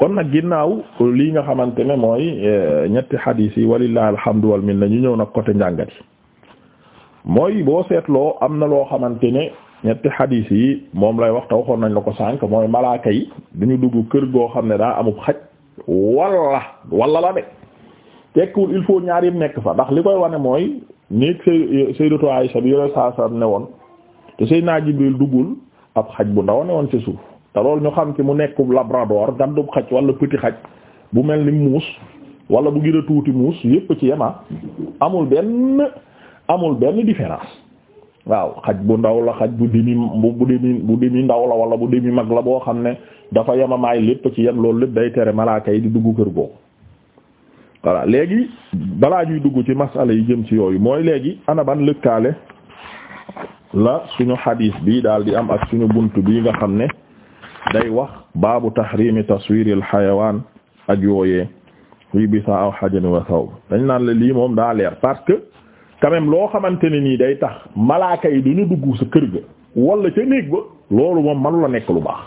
kon nag ginnaaw lii nga xamante ne mooy eh, ñetti xadiis yi walillahi alhamdu wal na ñu ñëw nag côté njàngat mooy boo seetloo am na loo xamante ne ñetti xadiis yi moom lay wax te waxoon nañ la ko sànk mooy malaaka yi duñu dugg kër goo xam ne daa amub xaj walla walla la de tekkiwul il faut ñaar nekk fa ndax li koy wane mooy néeg Sayyidatu Aisha bi yore saa saa ne woon te Sayyidina Jibril duggul ab xaj bu ndaw ne woon ci suuf te loolu ñu xam ci mu nekk labrador gandub xaj wala petit xaj bu mel ni muus wala bu gën a tuuti muus yépp ci yema ah. amul benn amul benn différence waaw xaj bu ndaw la xaj bu demi bu demi ndaw la wala bu demi mag la boo xam ne dafa yemamaay lépp ci yem loolu lépp day tere malaaka yi di dugg kër googu voilà léegi balaa ñuy dugg ci masala yi jëm ci yooyu mooy léegi ana ban lëkkaale la suñu xadiis bii daal di am ak suñu bunt bi nga xam ne day wax baabu tahrimi taswiril xayawaan ak yooyee fii bisa aw xajani wa saw dañ naan la lii moom daa leer parce que quand loo xamante ne nii day tax malaaka yi duñu dugg sa kër ga wala ca néeg ba loolu moom manu la nekk lu baax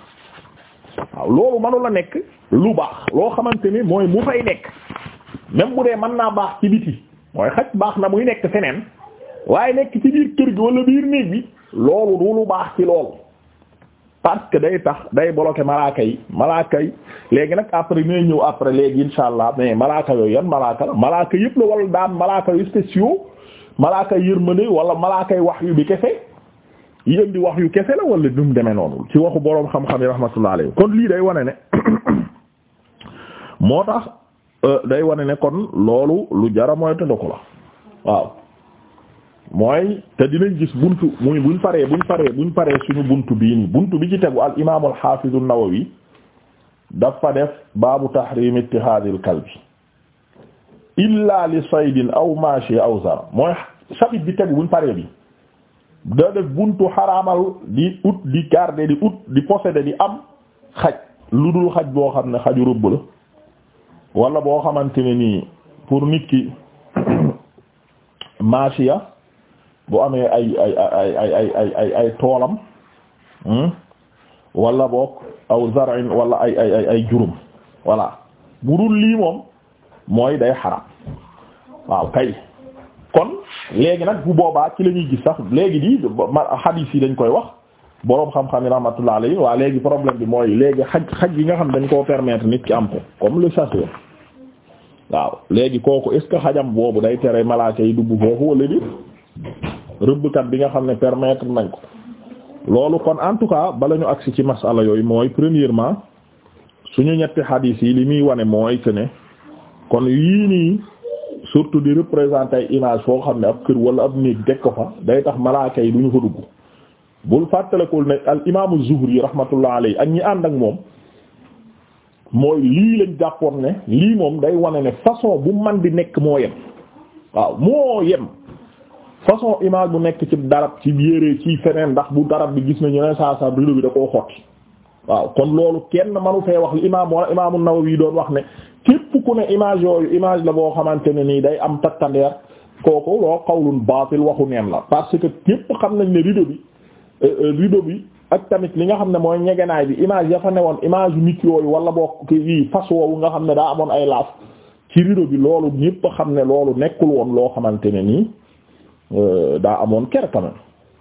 waaw loolu la nekk lu baax loo xamante ni mooy mu fay nekk même bu dee man naa baax ci biti mooy xaj baax na muy nekk feneen waaye nekk ci biir kër gi wala biir néeg bi loolu du lu baax ci loolu parce que day tax day bloquer malaaka yi malaaka yi léegi nag après ñooy ñëw après léegi insha allah mais malaaka yooyu yan malaaka la malaaka yëpp la wala daan malaaka yu spéciaux malaaka yërmande wala malaaka wax yu bi kese yi indi wax yu kese la wala dum demee noonu ci waxu boroom xam-xam yi rahmatullah alayhi kon lii day wane ne moo tax euh, day wane ne kon loolu lu jara moytu ndako la waaw mooy te dinañ gis buntu muy buñ paree buñ paree buñ paree suñu buntu bii nii buntu bi ci tegu al imaam al xaafizu nawawi dafa def baabu tahrim ittihaadil kalbi illa li saydin aw mashi aw zara mooy chapitre bi tegu buñ paree bi da def buntu xaraamal di ut di garder di ut di posséder di am xaj lu dul xaj boo xam ne xaju rëbb la wala boo xamante ne nii pour nit ki maashiya boo amee ay ay ay ay ay toolam hmm? walla boog aw zarin wala ay ay ay ay jurum voilà bu dul lii moom mooy day xaram waaw kay kon léegi nag bu boobaa ci la ñuy gis sax léegi di hadith yi dañ koy wax boroom xam-xam yi rahmatullah alayhi waa léegi problème bi mooy léegi xaj xaj yi nga xam dañ koo permettre nit ki am ko comme le chasseur waaw léegi kooku est ce que xajam boobu day tere malaaka yi dugg foofu wala déet rëbbkat bi nga xam ne permettre nañ ko loolu kon en tout cas bala ñu agsi ci masala yooyu mooy premièrement suñu ñetti xadiis yi li muy wane mooy que ne kon yii nii surtout di représenter image foo xam ne ab kër wala ab néeg dekk ko fa day tax malaaka yi duñu fa dugg bul fàttalikul ne al imaamu Zuhri rahmatullah alayhi ak ñi ànd ak moom mooy lii lañ jàppoon ne lii moom day wane ne façon bu man di nekk moo yem waaw moo yem façon image bu nekk ci darab ci yére ci feneen ndax bu darab bi gis nañu ne saa saa rido bi da koo xotti waaw kon loolu kenn manu fee wax li imaam wala imaamu Nawawi doon wax ne képp ku ne image yooyu image la boo xamante ne nii day am kooku loo qawlun waxu neen la parce que képp xam nañ ne rido bi euh, euh, rido bi ak tamit li nga xam ne mooy ñegenaay bi image ya fa newoon image nit yooyu wala boo kii fas woowu nga xam ne daa amoon ay laaf ci rido bi loolu ñépp xam ne loolu nekkul woon loo xamante ne nii. Euh, daa amoon ker quand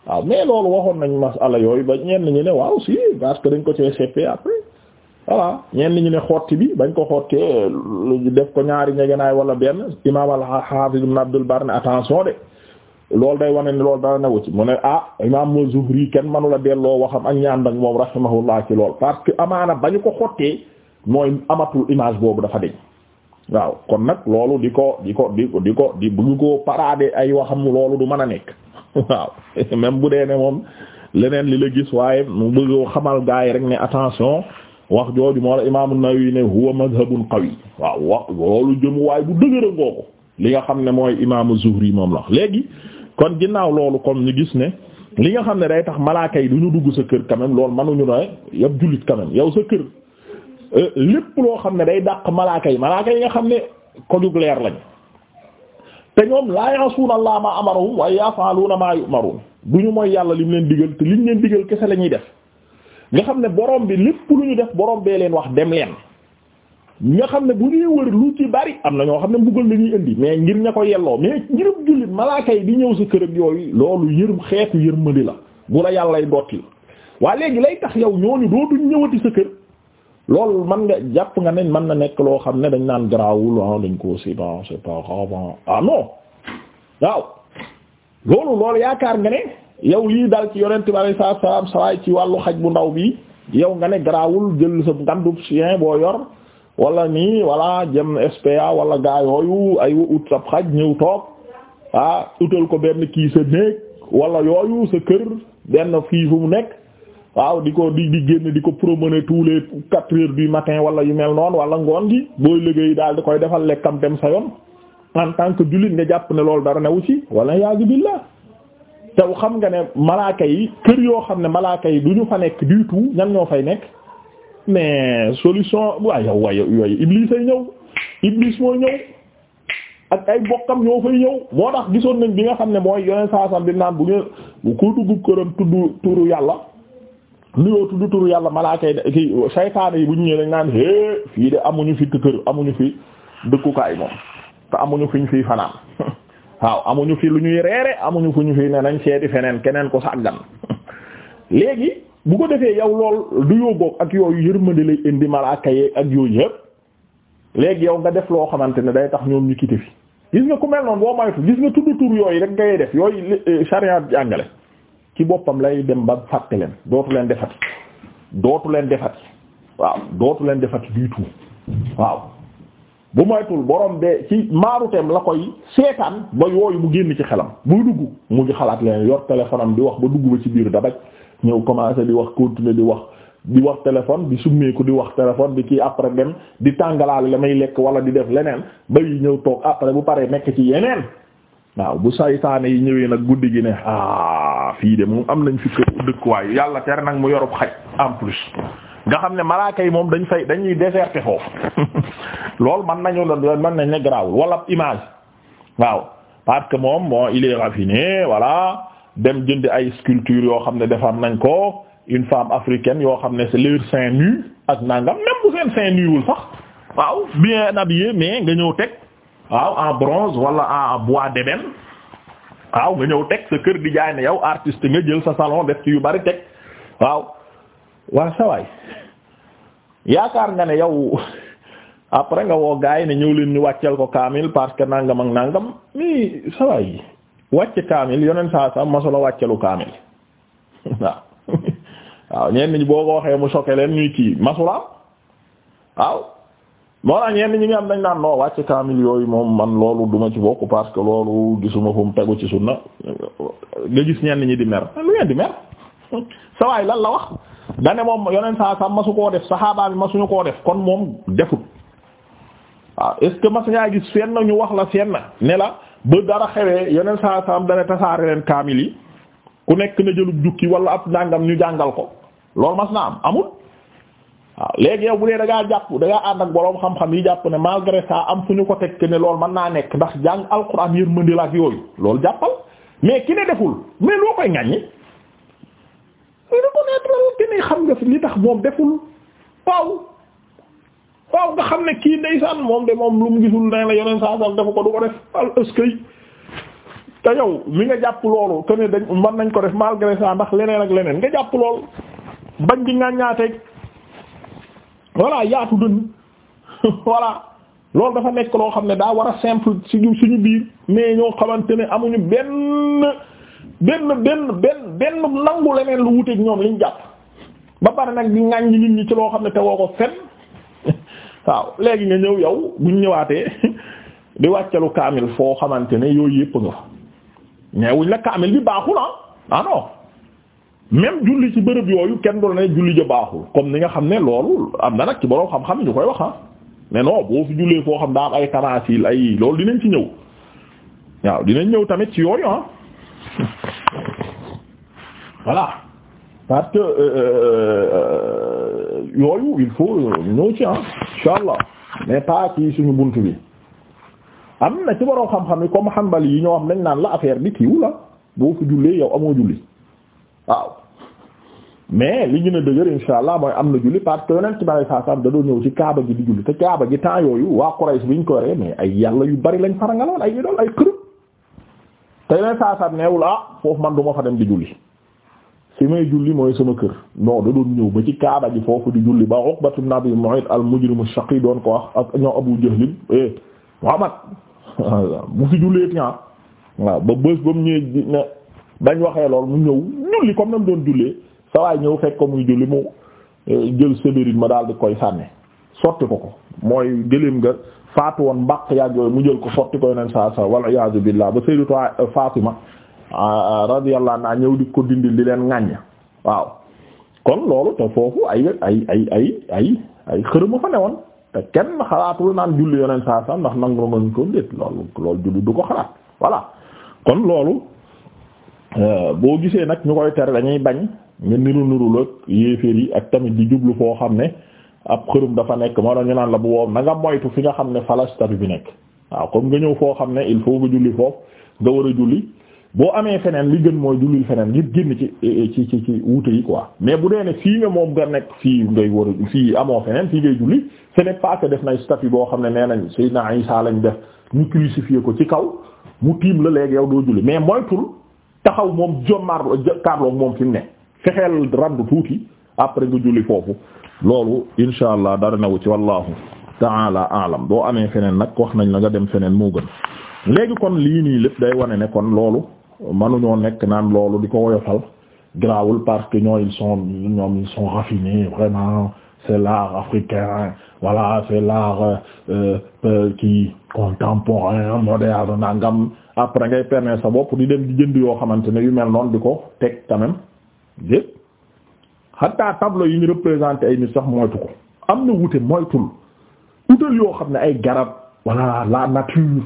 waaw mais loolu waxoon nañ masala yooyu ba ñenn ñu ne waaw si parce que dañ ko cee seppee après voilà ñenn ñu ne xotti bi bañ ko xottee def ko ñaari ñegenaay wala benn imaam al-Hafiz ibn Abdul Barr ne attention de loolu day wane ne loolu dara newu ci mu ne ah imaam yi kenn mënu la delloo waxam ak ñaan ak moom rahimahullah ci lool parce que amaana bañu ko xottee mooy amatul image boobu dafa deñ waaw kon nag loolu di ko di ko di ko di ko di bëgg koo paraade ay waxam loolu du mën a nekk waaw même bu dee ne moom leneen li la gis waaye mu bëggoo xamal gaa rek ne attention wax jooju moo la imaam An-Nawawi ne huwa madhabun waaw wax loolu jëm waaye bu dëgëra li nga xam ne mooy imaamu Zuhri moom la léegi kon ginnaaw loolu comme ñu gis ne li nga xam ne day tax malaakay du ñu dugg sa kër quand même loolu mënuñu ne yab jullit quand même yow sa kër Euh, lépp loo xam ne day dàq malaaka yi malaaka yi nga xam ne kojug leer lañ te ñoom laa ya'suuna Allaha maa amarahum wa yaf'aluuna maa yu'maruun du ñu mooy yàlla lim leen digal te liñ leen digal kese la ñuy def nga xam ne borom bi lépp lu ñu def borom bee leen wax dem leen nga xam ne bu ñuy wër lu ci bari am na ñoo xam ne mbugal la ñuy indi mais ngir ña ko yelloo mais ngirub jullit malaaka yi di ñëw sa kër ak yooyu loolu yërm xeetu yërmandi la bu la yàllay dotti waa léegi lay yow ñooñu dootuñ ñëwati sa kër loolu man nga jàpp nga ne man na nekk loo xam ne dañ naan garaawul ah dañ ko si bon c'est pas grave ah. ah non waaw loolu loolu yaakaar nga ne yow lii daal ci yonent bi alayhi salaatu salaam sawaay ci wàllu xaj bu ndaw bi yow nga ne garaawul jël sa ngandub chien boo yor walla nii walla jëm SPA wala gaa yooyu ay ut sab xaj ñëw toog ah, utal ko benn kii sa néeg wala yooyu sa kër benn fii fu mu nekk. waaw di ko di di génn di ko promener tous les quatre heures du matin wala yu mel noonu wala ngoon gi booy liggéey daal di koy defal lekkam dem sa yoon en tant que jullit nga jàpp ne loolu dara newu ci wala yaazu billah te xam nga ne malaaka yi kër yoo xam ne malaaka yi du ñu fa nekk du tout ñan ñoo fay nekk mais solution waaye yow waaye yooyu iblis ay ñëw iblis mooy ñëw ak ay bokkam ñoo fay ñëw moo tax gisoon nañ bi nga xam ne mooy yoneen saasam bi naan bu ngeen ku dugg këram tudd yàlla nuyoo tudd turu yàlla malaaka yi ki saytaane yi bu ñu ñëwee dañ naan hee fii de amuñu fi kër amuñu fi dëkkukaay moom te amuñu fi ñu fiy fanaan waaw amuñu fi lu ñuy reere amuñu fu ñu fi ne nañ seeti feneen keneen ko sàggan léegi bu ko defee yow lool du yóbboog ak yooyu yër yërmande lay indi malaaka ak yooyu yëpp léegi yow nga def loo xamante ne day tax ñoom ñu quitté fi gis nga ku mel noonu boo moytu gis nga tudd tur yooyu rek ngay def yooyu charia eh, jàngale ci boppam lay dem ba fàtte leen dootu leen defati dootu leen defati waaw dootu leen defati du tout waaw bu moytul borom bee ci maaruteem la koy seetaan ba yooyu mu génn ci xelam buy dugg mu ngi xalaat leen yor téléphone am di wax ba dugg ba ci biir dabaj ñëw commencé di wax continuer di wax di wax téléphone di summeeku di wax téléphone di ki après dem di tàngalaale la may lekk wala di def leneen ba ñëw toog après bu paree nekk ci yeneen waaw bu saytaane yi ñëwee nag guddi gi ne ah fii de moom am nañ fi kër dëkkuwaay yàlla tere nag mu yorub xaj en plus nga xam ne malaaka yi moom dañ fay dañuy déserté foofu loolu man nañu la man nañ ne garaawul wala image waaw parce que moom moo il est raffiné voilà dem jënd ay sculpture yoo xam ne defar nañ ko une femme africaine yoo xam ne c'est leur seins nu ak nangam même bu seen seins nuwul sax waaw bien habillé mais nga ñëw teg. waaw en bronze wala en bois d'ébène waaw nga ñëw teg sa kër di jaay ne yow artiste nga jël sa salon def ci yu bari teg waaw waa sawaay yaakaar nga ne yow après nga woo gars yi ne ñëw leen ñu wàcceel ko kaamil parce que nangam ak nangam mi sawaay yi wàcc kaamil yoneen saa sa masula wàccelu kaamil waaw waaw boo ko waxee mu soke leen ñuy kii masula waaw moo tax ñenn ñi nga am nañ naan noo wàcc kaamil yooyu moom man loolu duma ci bokk parce que loolu gisuma fu mu tegu ci sunna nga gis ñenn ñi di mer lu ngeen di mer sawaay lan la wax dane moom yoneen saa sa masu koo def saxaaba bi masuñu koo def kon moom defut waaw ah, est-ce que mas ngaa gis fenn ñu wax la fenn ne la ba dara xewee yoneen saa sa am tasaare leen kaamil yi ku nekk na jëlub jukki wala ab nàngam ñu jàngal ko loolu mas na am amul waaw léegi yow bu dee da ngaa jàpp da ngaa ànd ak boroom xam-xam yi jàpp ne malgré saa am fu ñu ko teg ne loolu mën naa nekk ndax jàng alxuraan yërmande la ak yooyu loolu jàppal mais ki ne deful mais loo koy ŋaññi. reconnaître que ne xam nga fi tax moom deful waaw waaw nga xam ne kii ndeysaan moom de moom lu mu gisul ne la yeneen saa sax defu ko du ko def al te yow mi nga jàpp ne dañ mën nañ ko def malgré saa ndax leneen ak leneen nga jàpp lool bañ di ŋaññaateeg. voilà yaatu dënn voilà loolu dafa nekk loo xam ne daa war a simple si suñu biir mais ñoo xamante ne amuñu benn benn benn benn benn nangu leneen lu wuteeg ñoom liñ jàpp ba pare nag di ŋàññ nit ñi ci loo xam ne te woo ko fen waaw léegi nga ñëw yow buñ ñëwaatee di wàccalu kaamil foo xamante ne yooyu yëpp nga fa mais wuñ la kaamil bi baaxul ah, ah non. même julli ci bërëb yooyu kenn du ne julli ja baaxul comme ni nga xam ne loolu am na nag ci borom xam-xam yi ñu koy wax ah mais non xam daa am ay tamasil ay loolu dinañ ci ñëw waaw dinañ ñëw tamit ci yooyu ah euh, euh, euh, il faut ñëw ci ah, mais pas ci suñu bunt bi am na ci borom xam-xam yi comme Hanbali yi ñoo xam dañ naan la affaire bi tiiw la ah. boo fi jullee yow amoo julli waaw mais li gën a dëgër insha allah mooy am na julli parce que yonent bi saa saam da doon ñëw ci kaaba gi di julli te kaaba gi temps yooyu waa Quraysh bi ñu ko waree mais ay yàlla yu bari lañ farangaloon ay idole ay xërëb te yonent saa saam neewul ah foofu man du ma fa dem di julli fi may julli mooy sama kër non da doon ñëw ba ci kaaba gi foofu di julli ba Uqbatu ibn Abi Mu'ayt al mujrimu shaqi doon ko wax ak ñoo Abu Jahl eh Muhammad bu fi jullee tian ah. waaw ba bës ba mu ñëwee ne mu ñëw julli na mu doon jullee sawaay ñëw fekk ko muy julli mu eh, jël sébérine ma daal di koy sànni sotti ko ko mooy gëléem ga faatu woon mbaq yàgg yooyu mu jël ko sotti ko yeneen saa saa wal iyaazu billaah ba ma eh, Fatima ah, ah, radiyallahu naa ñëw di ko dindil di leen ŋàññ waaw kon loolu te foofu ay ay ay ay ay ay xërëma fa ne woon te kenn xalaatul naan julli yeneen saa saa ndax nangu nga ko déet loolu julli du ko xalaat voilà kon loolu eh, boo gisee nag ñu koy tere dañuy bañ nga niru niru la yéeféer yi ak tamit di jublu foo xam ne ab xërëm dafa nekk moo tax ñu naan la bu wow na nga moytu fi nga xam ne falastatu bi nekk waaw comme nga ñëw foo xam ne il faut nga julli foofu nga war a julli boo amee feneen li gën mooy jullil feneen ngir génn ci ci ci ci wuute yi quoi mais bu dee ne moom nga nekk fii ngay war a fii amoo feneen fii ngay feneen parce que def nañ statue boo xam ne nee nañ Seydina Isa lañ def ñu crucifié ko ci kaw mu tiim la léegi yow doo julli mais moytul taxaw moom jommaar jàkkaarloog moom fi mu ne. fexeel raddu tuuti après nga juli foofu loolu insha allah dara nawu ci wallahu taala alam boo amee feneen nag wax nañ la nga dem feneen moo gën léegi kon lii nii lépp day wane ne kon loolu manu manuñoo nekk naan loolu di ko woyofal grawul parce que ñoo ils ñoom ils sont raffinés vraiment c'est l'art africain voilà c'est l'art euh, euh, qui contemporain moderne nangam après ngay permettre bopp di dem di jënd yoo xamante ne yu mel noonu di ko teg quand dé xatta tableau yi ñu représenté ay ni sax moytu ko am na wute moytul utal yoo xam ne ay garab walla la nature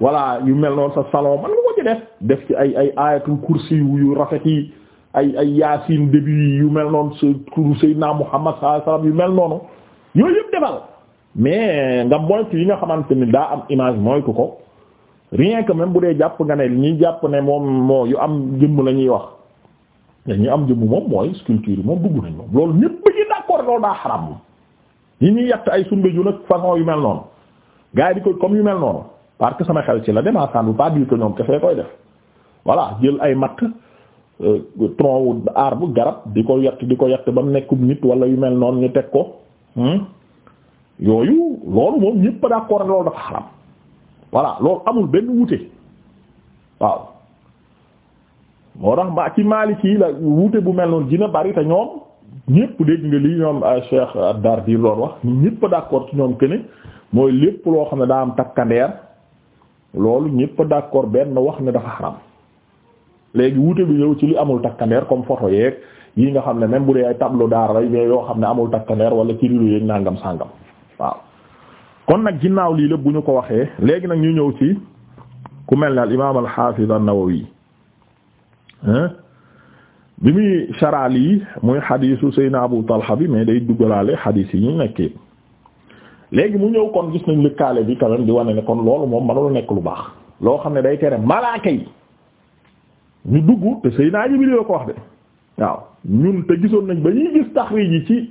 walla yu mel noonu sa salon man nga ko ci def def ci ay ay ayatul kursi yu rafet yi ay ay yaasin début yi yu mel noonu sa turu Seydina Muhammad sallallahu yu mel noonu yooyu yëpp defal mais nga moytu yi nga xamante ni daa am image moytu ko rien que même bu dee jàpp nga ne ñuy jàpp ne moom moo yu am jëmm la ñuy wax te ñu am jëmm moom mooy sculpture yi moom dugg nañ moom loolu ñépp ci d'accord loolu yi ñuy yàtt ay sumbe ju nag yu mel noonu gars yi comme yu mel noonu parce que sama xel ci la dema ça ne veut pas dire que ñoom kefee koy def voilà jël ay matt euh, tronc wu di ko yàtt di ko yàtt ba mu nekkum nit wala yu mel noonu ñu teg ko hmm? yooyu loolu moom dafa xaram voilà loolu amul benn wuute waaw moo tax ma ci Maliki yi la wuute bu mel noonu dina bari te ñoom ñépp dégg nga li ñoom euh, Cheikh Ad-Dardir loon wax ñépp d'accord ci ñoom këne mooy lépp loo xam ne daa am takkandeer loolu ñépp d'accord benn wax ne dafa xaram léegi wuute bi ñëw ci li amul takkandeer comme photo yeeg yi nga xam ne même bu dee ay tableau d'art lay mais yoo xam ne amul takkandeer wala ci rido yeeg nangam sàngam waaw kon nag ginnaaw lii lépp bu ñu ko waxee léegi nag ñu ñëw ci ku mel ne al imaam al-Hafiz an-Nawawi bi muy saraal yi muy xadiisu Seyna Abu Talha bi mais day duggalaale xadiis yi ñu nekkee léegi mu ñëw kon gis nañ lëkkaale bi quand di wane ne kon loolu moom mënul nekk lu baax loo xam ne day tere malaaka yi ñu dugg te Seyna Jibril la ko wax de waaw ñun te gisoon nañ ba ñuy gis taxriij yi ci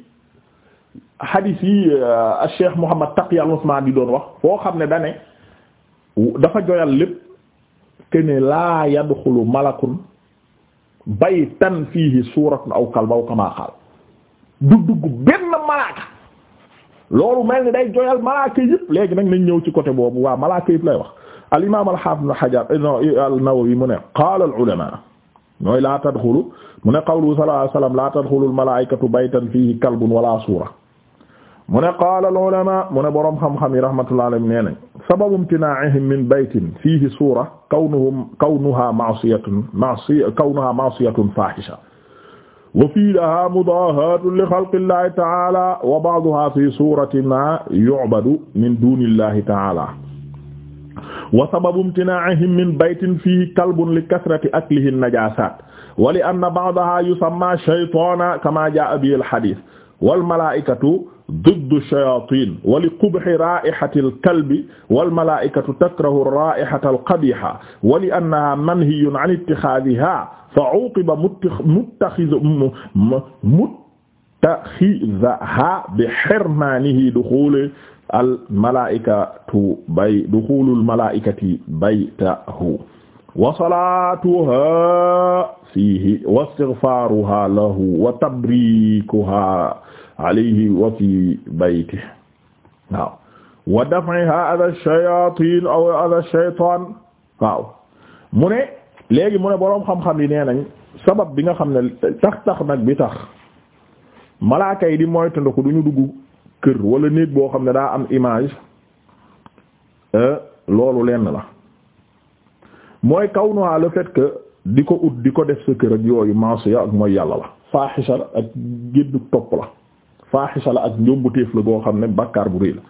xadiis yi euh, Cheikh Muhammad Taqi al-Usmani di doon wax foo xam ne dane dafa joyal lépp ke ne laa yadxulu malakun baytan fiihi suuratun aw kalbun aw kamaa qaal du dugg benn malaaka loolu mel ni day joyal malaaka yëpp léegi nag nañ ñëw ci côté boobu waa malaaka yëpp lay wax al imaam al haafiz ibn hajar eh, eh, an-nawawi mu ne qaala al ulamaa ñooy laa tadxulu mu ne qawlu sallallahu alayhi wa sallam laa tadxulu al malaa'ikatu baytan fiihi kalbun wala suura mu ne qaala al ulamaa mu ne boroom xam-xam yi rahmatullahi alayhim nee nañ sababu imtinaa'ihim min baytin fiihi suura kawnuhum kawnuha ma'siyatun ma'siya kawnuha ma'siyatun fahisha wa fiiha mudaahatun li xalqillahi ta'ala wa ba'duha fi surati ma yu'badu min dunillahi ta'ala wa sababu imtinaa'ihim min baytin fiihi kalbun li kasrati aklihi an-najaasaat wa li anna ba'daha yusamma shaytaanan kamaa jaa'a bihi al-hadiis wal malaa'ikatu duddu shayaatiin wa li qubhi raa'ihatil kalbi wal malaa'ikatu takrahu raa'ihatal qabiiha wa li annahaa manhiyyun an ittikhaazihaa fa uqiba muttaxizahaa bi hirmaanihi duxuuli al malaa'ikati bay duxuulul malaa'ikati baytahu wa salaatuha fiihi wa istighfaaruha lahu wa tabriikuha alayhi wa fi baytihi waaw wa daf'iha adha shayaatiin aw adha shaytaan waaw mu ne léegi mu ne boroom xam-xam yi nee nañ sabab bi nga xam ne tax tax nag bi tax malaaka yi di moytandiku du ñu dugg kër wala néeg boo xam ne daa am image euh, loolu lenn la mooy kaw nuwaa le fait que di ko ut di ko def sa kër ak yooyu maasiya ak mooy yàlla la faaxisa la ak géddu topp la faaxisa la ak njombutéef la goo xam ne bàkkaar bu réy la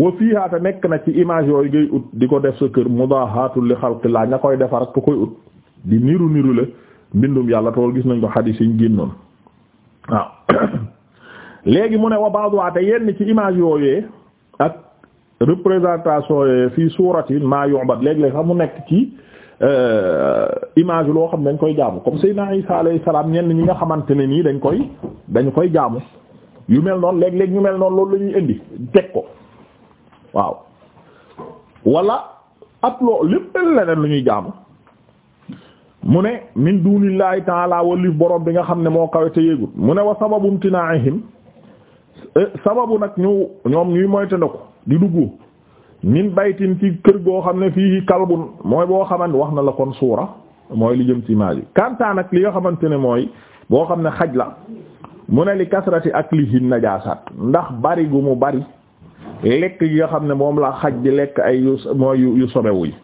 wa fiihaa te nekk na ci image yooyu ngay ut di ko def sa kër mu mudaahatul li xalqillah ña koy defar ak ku koy ut di niru niru la mbindum yàlla tool gis nañ ko xadiis yi ñu génnoon waaw léegi mu ne wa baaduwaate yenn ci image yooyee ak représentation yooyee fii suuratin maa yu'bad léeg sax mu nekk ci Euh, image loo xam dañ koy jaamu comme Seydina Isa alayhi salaam ñenn ñi nga xamante ne nii dañ koy dañ koy jaamu yu mel noon léeg-léeg ñu mel noonu loolu la ñuy indi teg ko waaw wala ab loo lépp leneen lu ñuy jaamu mu ne min dunillahi ta'ala walif borom bi nga xam ne moo kawe te yéegul mu ne wa sababum tinaa'ihim eh, sababu nag ñu ñoom ñuy moytandiku di duggu min baytin ki kër goo xam ne fii kalbun mooy boo xamante wax na la kon suura mooy li jëm ci image bi kantaan ak li nga xamante ne mooy boo xam ne xaj la mu ne li kasrati ak li hin najaasaat ndax bari gu mu bari lekk yi nga xam ne moom la xaj di lekk ay yu mooy yu sobewu yi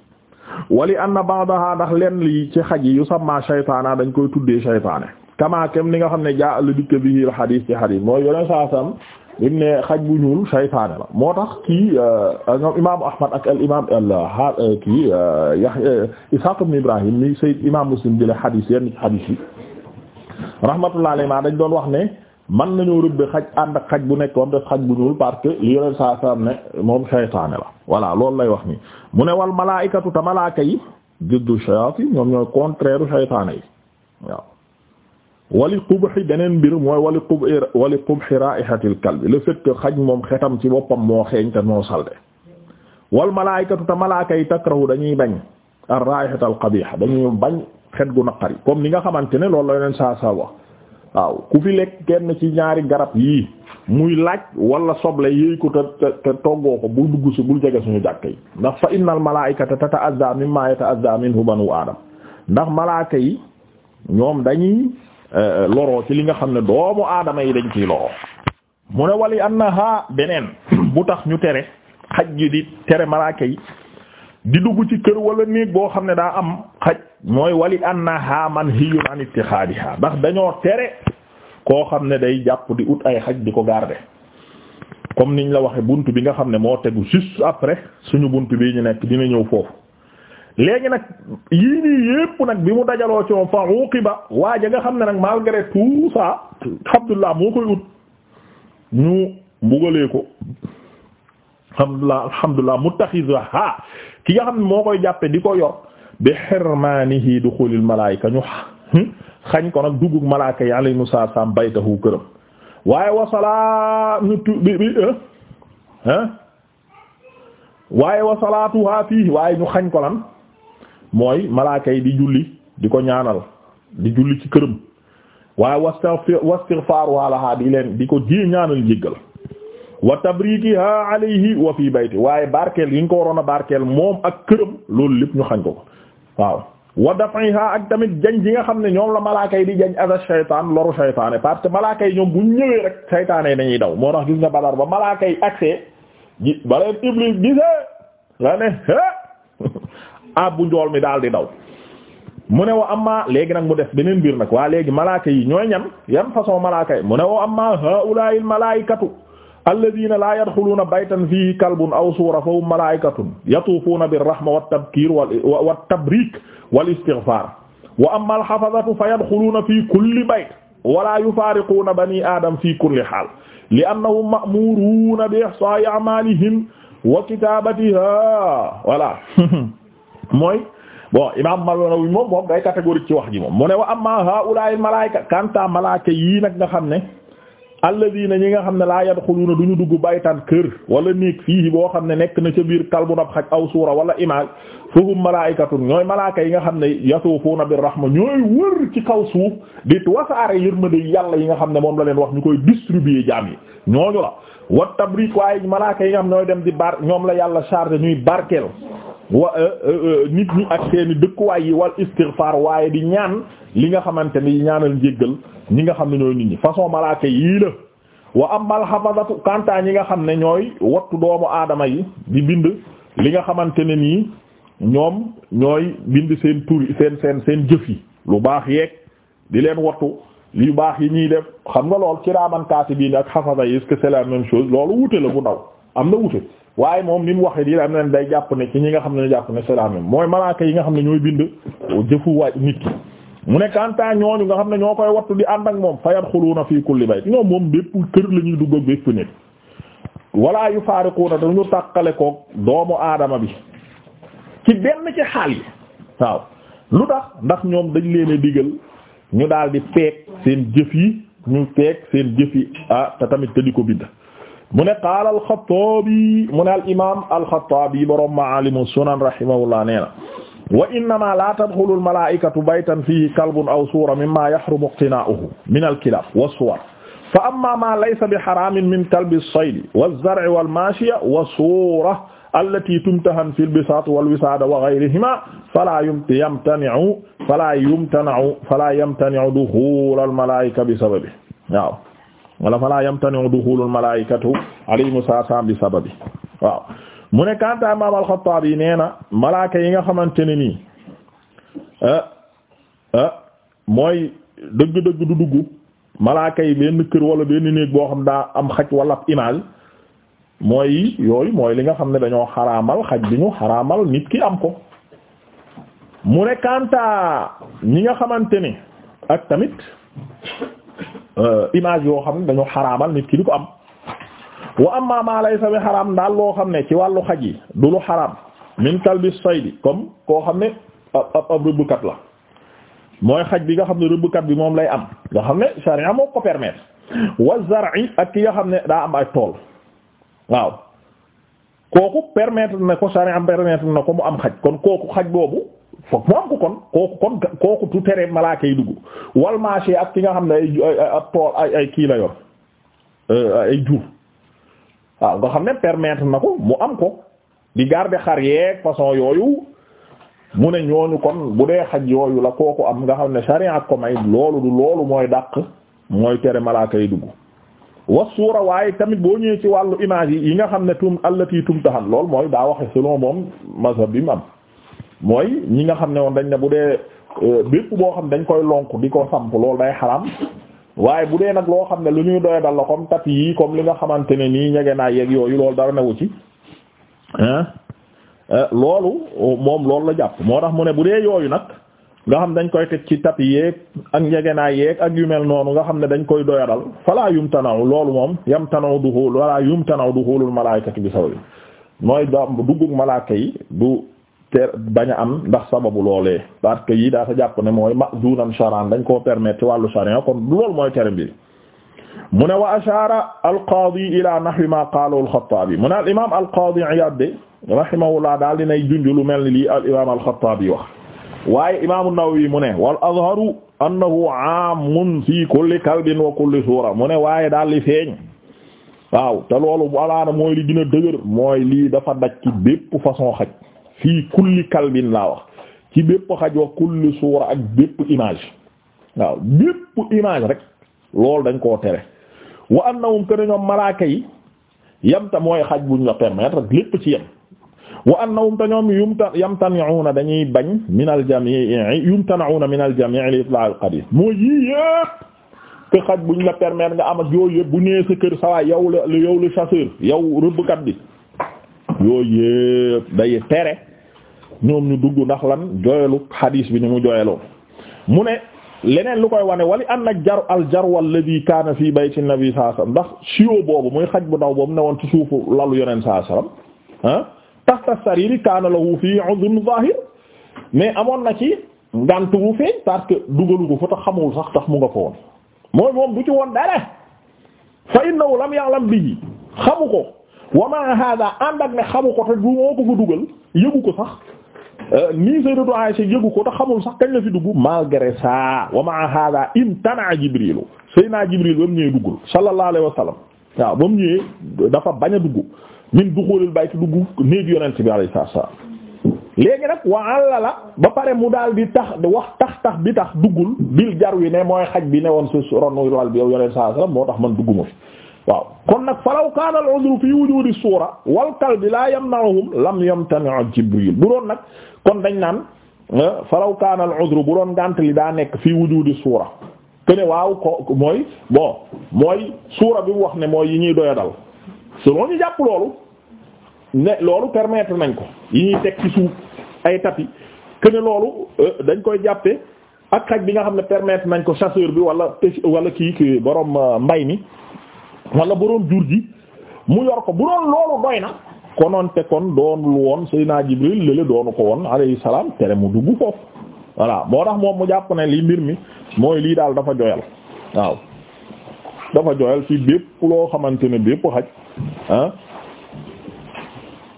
wali anna ba'daha ndax lenn li ci xaj yi yu sama shaytaana dañ koy tuddee shaytaane kamaakem li nga xam ne jaa la dikk bi hiil xadiis ci xadiis mooy yone saasam bi mu xaj bu ñuul saytaane la moo tax kii euh, imaamu Ahmad euh, kii euh, Yahya Ishaq ibn Ibrahim mi sayyid imaam Muslim jëlee xadiis yenn ci xadiis yi rahmatullahi alayhi ma dañ doon wax ne mën nañoo rëbbe xaj ak bu nekk wam def xaj bu ñuul parce que li yoneen saa saam ne moom saytaane la voilà loolu lay wax ni mu ne wal malaa'ikatu te malaaka yi diddu shayaati ñoom ñooy contraire wali qubhi beneen mbir mooy wali qub wali qubhi raihatil kalbi le fait xaj moom xetam ci boppam moo xeeñ te moo salte wal malaaykatu te malaaka yi takrahu dañuy bañ ar raihatal qabiha dañuy bañ xet gu naqari comme ni nga xamante ne loolu la yeneen saa saa waaw ku fi lekk kenn ci ñaari garab yii muy laaj wala soble yéy ko te te toggoo ko bul dugg si bul jege suñu jàkk yi ndax fa innal malaayikata tata'azza mimma yata'azza minhu banu aadam ndax malaaka yi ñoom dañuy Euh, loro ci li nga xam ne doomu aadama yi dañ ciy loroo mu ne wali annaha beneen bu tax ñu tere xaj gi di tere malaaka yi di dugg ci kër wala néeg boo xam ne daa am xaj mooy wali annaha manhiyun an ittixaadiha ndax dañoo tere koo xam ne day jàpp di ut ay xaj di ko garder comme niñ la waxe bunt bi nga xam ne moo tegu juste après suñu bunt bi ñu nekk dina ñëw foofu léegi nag yii nii yépp nag bi mu dajaloo ci moom fa uqiba waaye nga xam ne nag malgré tout ça alhamdulilah moo koy ut ñu mbugalee ko alhamdulilah alhamdulilah muttaxizaha ki nga xam ne moo koy jàppe di ko yor bi xirmaanihi duxulil malaayika ñu xañ ko nag duggu malaaka yi alayhi salaam baytahu këram waaye wasalaa ñu tu bi bi eh? Eh? waaye wasalaatuha fii waaye ñu xañ ko lan mooy malaaka yi di julli di ko ñaanal di julli ci këram waaye wastighfaaru lahaa di leen di ko ji ñaanal njéggal wa tabrikiha alayhi wa fii bayti waaye barkeel yi nga ko waroon a barkeel moom ak këram loolu lépp ñu xañ ko ko waaw wa dafiha ak tamit jañ ji nga xam ne ñoom la malaaka yi di jañ asa shaytaan loru shaytaane parce que malaaka yi ñoom bu ñëwee rek shaytaane dañuy daw moo tax gis nga badar ba malaaka yi accès ji baleen iblis gisee la ne aab ah, bu njool mi daal di daw mu ne wa amma léegi nag mu def beneen mbir nag waa léegi malaaka yi ñooy ñan yan façon malaaka yi mu ne wa amma haa'ulaa'il malaa'ikatu alladhiina laa yadxuluuna baytan fiihi kalbun aw suura fa hum malaa'ikatun yatuufuuna bir-rahma wat-tabkiir wat-tabriik wal-istighfaar wa amma al-hafadhatu fa yadxuluuna fii kulli bayt wala yufaariquuna banii aadam fii kulli haal li'annahum ma'muuruuna bi-ihsaa'i a'maalihim wa kitaabatihaa voilà mooy bon imam Maroon moom moom day catégorique ci wax ji moom mu ne wa amma haa'ulaa'i malaayika kanta malaaka yii nag nga xam ne alladina ñi nga xam ne laa du ñu dugg baytan kër wala néeg fii boo xam ne nekk na ca biir kalbun ab xaj aw suura wala image fahum malaayikatun ñooy malaaka yi nga xam ne yatu na bir rahma ñooy wër ci kaw suuf di wasaare yërmande yàlla yi nga xam ne moom la leen wax ñu koy distribuer jaam yi ñooñu la malaaka yi nga dem di ñoom la yàlla chargé ñuy barkeel wa euh, euh, euh, nit ñi ak seeni dëkkuwaay yi wal istighfar waaye di ñaan li nga xamante ni ñaanal njéggal ñi nga xam ne ñooy nit ñi façon malaaka yii la wa amal hafazatu kanta ñi nga xam ne ñooy wattu doomu aadama yi di bind li nga xamante ne nii ñoom ñooy bind seen tur seen seen seen jëf lu baax yeeg di leen wattu li baax yi ñuy def xam nga lool kiraaman kaatibiin ak hafaza yi est-ce que c'est la même chose loolu wute la bu ndaw am na wute waaye moom ni mu waxee lii am na day jàpp ne ci ñi nga xam ne jàpp ne c'est la même mooy malaaka yi nga xam ne ñooy bind jëfu waaj nit ki mu ne kanta ñooñu nga xam ne ñoo koy wattu di ànd ak moom fayat xuluuna fii kulli bayt ñoom moom bépp kër la ñuy dugg ak bépp nit wala yu faariquuna dañu tàqale koog doomu aadama bi ci benn ci xaal yi waaw lu tax ndax ñoom dañ leen a digal ñu daal di peeg seen jëf yi ñu peeg seen jëf yi ah te tamit te di ko bind mu ne qaala alxataabi mu ne al imaam alxataabi borom maalimu sunan rahimahullah nee na wa innama la tadxulu almalaikatu baytan fihi kalbun aw suura mimma yahrumu iqtinaa'uhu min alkilaab wassuwar fa amma ma laysa bi haramin min kalbi as-sayd waz-zar'i wal-maashiya was-suura allati tumtahan fi al-bisaat wal-wisaada wa ghayrihima fala yamtani'u fala yamtani'u fala yamtani'u duxuul al-malaa'ika bi sababihi waaw wala falaa yamtani duxulul malaayikatu alayhimu salaam bi sababi waaw mu ne kanta imaam al-Xattaabi nee na malaake yi nga xamante ne nii ah, ah, mooy dëgg-dëgg du dugg malaaka yi benn kër wala benn néeg boo xam daa am xaj wala ab imaal mooy yooyu mooy li nga xam ne dañoo xaraamal xaj bi ñu xaraamal nit ki am ko mu ne kanta ñi nga xamante ni ak tamit Euh, image yoo xam ne dañoo xaraamal nit ki di ko am wa am ma lay bi xaraam daal loo xam ne ci wàllu xaj yi du lu xaraam min kalbi saydi comme koo xam ne ab ab rëbbkat la mooy xaj bi nga xam ne rëbbkat bi moom lay am nga xam ne sharia moo ko permettre wa zar'i ak ki nga xam ne daa am ay tool waaw kooku permettre na ko sari am na ko mu am xaj kon kooku xaj boobu foog mu am ko kon kooku kon kooku tere malaaka yi wal marché ak ki nga xam ne ay tool ay ay kii la yor euh, ay jur waaw nga xam ne permettre na ko mu am ko di garder xar yeeg façon yooyu mu ne ñooñu kon bu dee xaj yooyu la kooku am nga xam ne sharia ko may loolu du loolu mooy dàq mooy tere malaaka yi dugg wax suura waaye tamit boo ñëwee ci wàllu image yi nga xam ne tum allati tumtahan lool mooy daa si selon moom mazhab bi mu am mooy ñi nga xam ne woon dañ ne bu dee euh, bépp boo xam dañ koy lonk di ko samp lool day xaram waaye bu dee nag loo xam ne lu ñuy doye dal la comme tapis yi comme li nga xamante ne nii ñege naa yeeg yooyu loolu dara newu ci euh, loolu moom loolu la jàpp moo tax mu ne bu dee yooyu nag nga xam dañ koy teg ci tapi yeeg ak njegenaay yeeg ak yu mel noonu nga xam ne dañ koy doyadal falaa yum tanaw loolu moom yam tanaw du xóol walaa yum tanaw du xóolul malaykati bi sababi mooy duggug malaaka yi du ter bañ a am ndax sababu loolee parce yii daa sa ne mooy mazunan sharan dañ koo permettre ci wàllu sharia kon loolu mooy tere bi mu ne wa ashara alqaadi ila nahwi ma qaalahu alxattaabi mu ne al imam alqaadi Iyaad de rahimahullah daal dinay junj lu mel ni lii al imam alxattaabi wax waaye imaamu Nawawi mu ne wal azharu annahu aamun fi kulli kalbin wa kulli suura mu ne waaye daal li feeñ waaw te loolu bu alaana mooy li gën a mooy lii dafa daj ci bépp façon xaj fii kulli kalbin laa wax ci bépp xaj wa kulli suura ak bépp image waaw bépp image rek loolu dañ koo tere wa annahum kana ñoom malaaka yi yam ta mooy xaj buñ la permettre lépp ci yem wa annahum te ñoom yumta dañuy bañ min al-jami' yumtani'una min al-jami' li itla' al-qadis yii yëpp te xaj buñ la permettre nga am ak bu nee sa kër sawaay yow la yow la chasseur yow rëbbkat bi yooyu yëpp day tere ñoom ñu dugg ndax lan jooyalu xadiis bi ni mu jooyaloo mu ne leneen lu koy wane wali an nag jar al jarwa alladhi fii bayti nabi sallallahu alayhi wasallam ndax siwo boobu muy xaj bu ndaw boobu ne woon ci suufu lalu yoneen sallallahu alayhi wasallam ah taxta sariri kaana lahu fii udhun zahir mais amoon na ci ngànt wu feeñ parce que dugalu ko fa xamul sax tax mu nga fa woon mooy moom du ci woon dara fa innahu lam ya'lam bihi xamu ko wa ma hada ànd ak ne xamu ko te du moo ko fa dugal yëgu ko sax euh, nii sayyidatu Aisha yëgu ko te xamul sax kañ la fi dugg malgré ça wa ma hada imtana Jibrilu Seydina Jibril ba mu ñëwee duggul sallallahu alayhi wa sallam waaw ba mu ñëwee dafa bañ a min duxulil bayti dugg néeg yonent bi alayhi salaam léegi nag waa àlla la ba pare mu daal di tax wax tax tax bi tax duggul bil jar wi ne mooy xaj bi ne woon si ronu wal bi yow yonent saa salaam moo tax man dugguma fi waaw kon nag falaw kaana al udru fi wujudi suura wal kalbi laa yamna'uhum lam yamtani'a jibril bu doon nag kon dañ naan eh, falaw kaana al bu doon ngànt li daa nekk fi wujudi suura ne waaw ko mooy bon mooy suura bi mu wax ne mooy yi ñuy doyadal selon ñu jàpp loolu ne loolu permettre nañ ko yi ñuy teg ci suuf ay tapis que loolu euh, dañ koy jàppe ak xaj bi nga xam ne permettre nañ ko chasseur bi wala wala kii ki boroom euh, mbay mi wala borom jur gi mu yor ko bu doon loolu doy na konoon te kon doonul woon Seydina Jibril lële doonu ko woon alayhi salaam tere mu dugg foofu voilà moo tax moom mu jàpp na lii mbir mi mooy lii daal dafa joyal waaw dafa joyal ci bépp loo xamante ne bépp xaj ah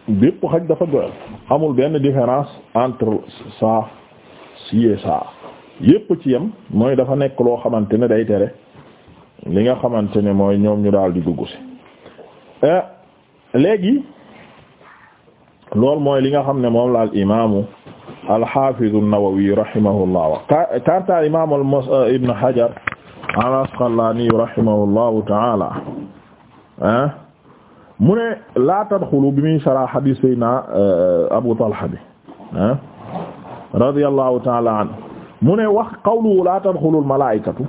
bépp xaj dafa doyal amul benn différence entre ça ci et ça yépp ci yem mooy dafa nekk loo xamante ne day tere li nga xamante ne mooy ñoom ñu daal di dugg ci eh, léegi loolu mooy li nga xam ne moom laa al imaamu al-Hafiz an-Nawawi rahimahullah wa kanta imam al-Ibn Hajar al-Asqalani rahimahullahu ta'ala ah mu ne laa tadxulu bi muy sara xadiis sayna euh, Abu Talha bi ah, taala anhu mu ne wax qawluhu laa tadxulul malaa'ikatu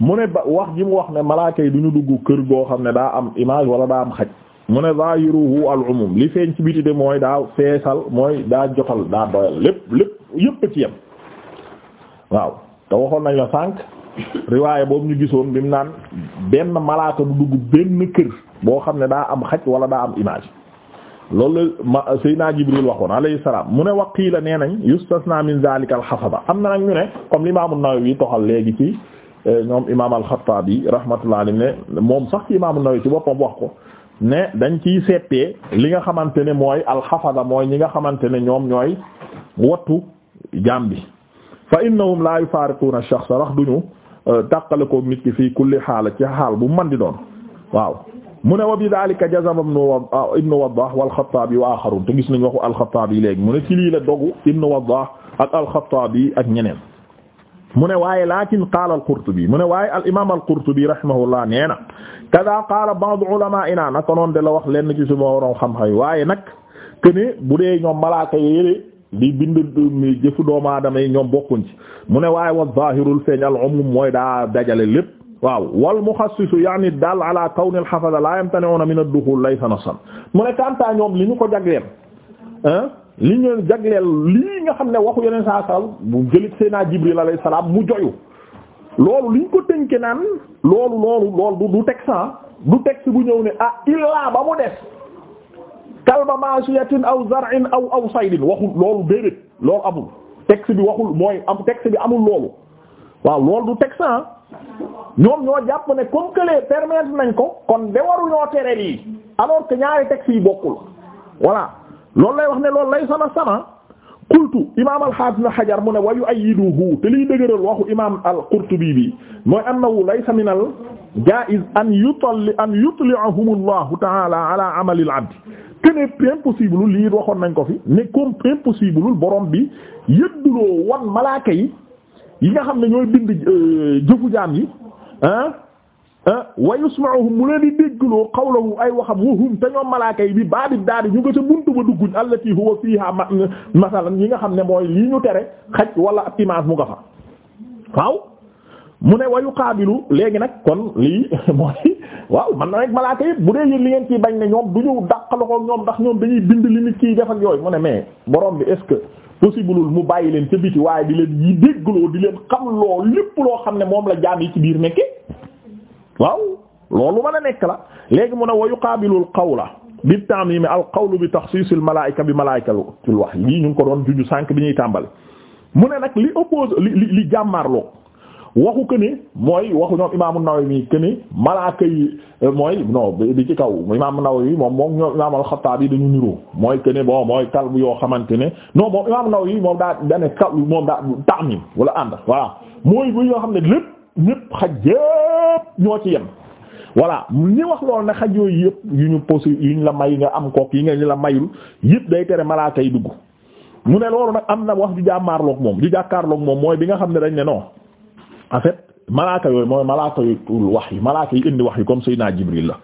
mu ne wax ji mu wax ne malaaka yi du ñu dugg kër goo xam ne daa am image wala daa am xaj mu ne zaahiruhu al umum li feeñ ci biti de mooy daa feesal mooy daa jotal daa doyal lépp lépp yëpp ci yem waaw te waxoon nañ la riwaaye boobu ñu gisoon bi mu naan benn malaaka du dugg benn kër boo xam ne daa am xaj wala daa am image loolu ma Seydina Jibril waxoon alayhi salaam mu ne waqiila nee nañ yustasna min zalika alxasaba am na nag ñu ne comme l'imam an-Nawawi toxal léegi ci eh, ñoom imam al-Xattaabi rahmatullah alayhi ne moom sax ci imam an ci boppam wax ko ne dañ ciy seppee li nga xamante ne mooy alxafada mooy ñi nga xamante ne ñoom ñooy wattu jaam bi fa innahum la yufaariquuna ash-shakhsa rax duñu eh, tàqale ko nit ki fii kulli xaala ci xaal bu mën di doon waaw mu ne wa bi daalika jazama ah, ibnu Waddah wal Xattaabi wa axarun te gis nañ waxu al-Xattaabi léegi mu ne ci lii la dogu ibnu Waddah ak al-Xattaabi ak ñeneen mu ne waaye laakin qaala al-Qurtubi mu ne waaye al imaam al-Qurtubi rahimahullah nee na kadaa qaala ba'du ulamaa'inaa naka noonu de la wax lenn ci suma waroon xam-xam waaye nag que ne bu dee ñoom malaaka yéere di bind jëfu doomu aadama yi ñoom bokkuñ ci mu ne waaye wa zaahirul feeñ al-umum mooy daa dajale lépp. waaw wal muxassisu yaani daal ala kawnil xafada la yamtani'una min ad-duxul laysa nasan mu ne kantaa ñoom li ñu ko jagleel li ñu jagleel lii nga xam ne waxu yeneen saa salaam bu jëlit Seydina Jibril alayhi salaam mu joyu loolu li ñu ko tënke naan loolu loolu loolu du texte du texte bu ñëw ne ah illaa ba mu des kalba maasiyatin aw zar'in aw aw saydin waxul loolu déedéet loolu amul texte bi waxul mooy am texte bi amul loolu waaw loolu du texte ah ñoom ñoo jàpp ne comme que les permettre nañ ko kon de waru ñoo tere lii alors que ñaari texte yi bokkul voilà loolu lay wax ne loolu lay sama sama qultu imaam al-Hafiz al Hajar mu ne wa yu'ayyiduhu te liy dëgëral waxu imaam al-Qurtubi bi mooy annahu laysa min al-jaa'iz an yu an yutli'ahum yu ta'ala ala amali al-'abd que ne impossible lii waxoon nañ ko fi ne comme impossible borom bi yëdduloo wan malaaka yi yi nga xam ne ñooy bind euh, jëfu jaam yi ah ah wa yusma'uhum mu leen di déggloo mu ay waxam wahum te ñoom malaaka yi bi baabit daari ñu nga ca buntu ba dugguñ allati huwa fiha masalan yi nga xam ne mooy lii ñu tere xaj wala ab image mu nga fa waaw mu ne wa yuqaabilu léegi nag kon lii mooy waaw man na rek malaaka yëpp bu dee yéen li ngeen ciy bañ ne ñoom du ñu dàqal ko ñoom ndax ñoom dañuy bind li nit ciy def ak yooyu mu ne mais borom bi est-ce que possible mu bàyyi leen ca biti waaye di leen yi déggloo di leen xam loo lépp loo xam ne moom la jaam yi ci biir nekke waaw loolu mën a nekk la léegi mu ne wa yuqaabilul qawla bi ta'mim al qawlu bi taxsiisil malaayika bi malaayikatul wax lii ñu ngi ko doon juju sànq bi ñuy tàmbale mu ne nag li oppose li li jàmmarloo waxu que ne mooy waxu ñoom imaamu Nawawi que ne malaaka yi euh, mooy non bi ci kaw imaamu Nawawi moom moom ñoom imaamu Al-Xattaabi dañu niroo mooy que ne bon mooy yoo xamante ne non moom imaamu Nawawi moom daa dane kalb moom daa ta'min wala ànd voilà mooy bu yoo xam ne lépp ñépp xaj yépp ñoo ci yem voilà ñi wax loolu ne xaj yooyu yépp yu ñu posé yu ñu la may nga am kook yi nga ñu la mayul yépp day tere malaaka yi dugg mu ne loolu nag am na wax ju jàmmaarloog moom ju jàkkaarloog moom mooy bi nga xam ne dañ ne non en fait malaaka yooyu mooy malaaka yu tul wax yi malaaka yi indi wax yi comme Seydina Jibril la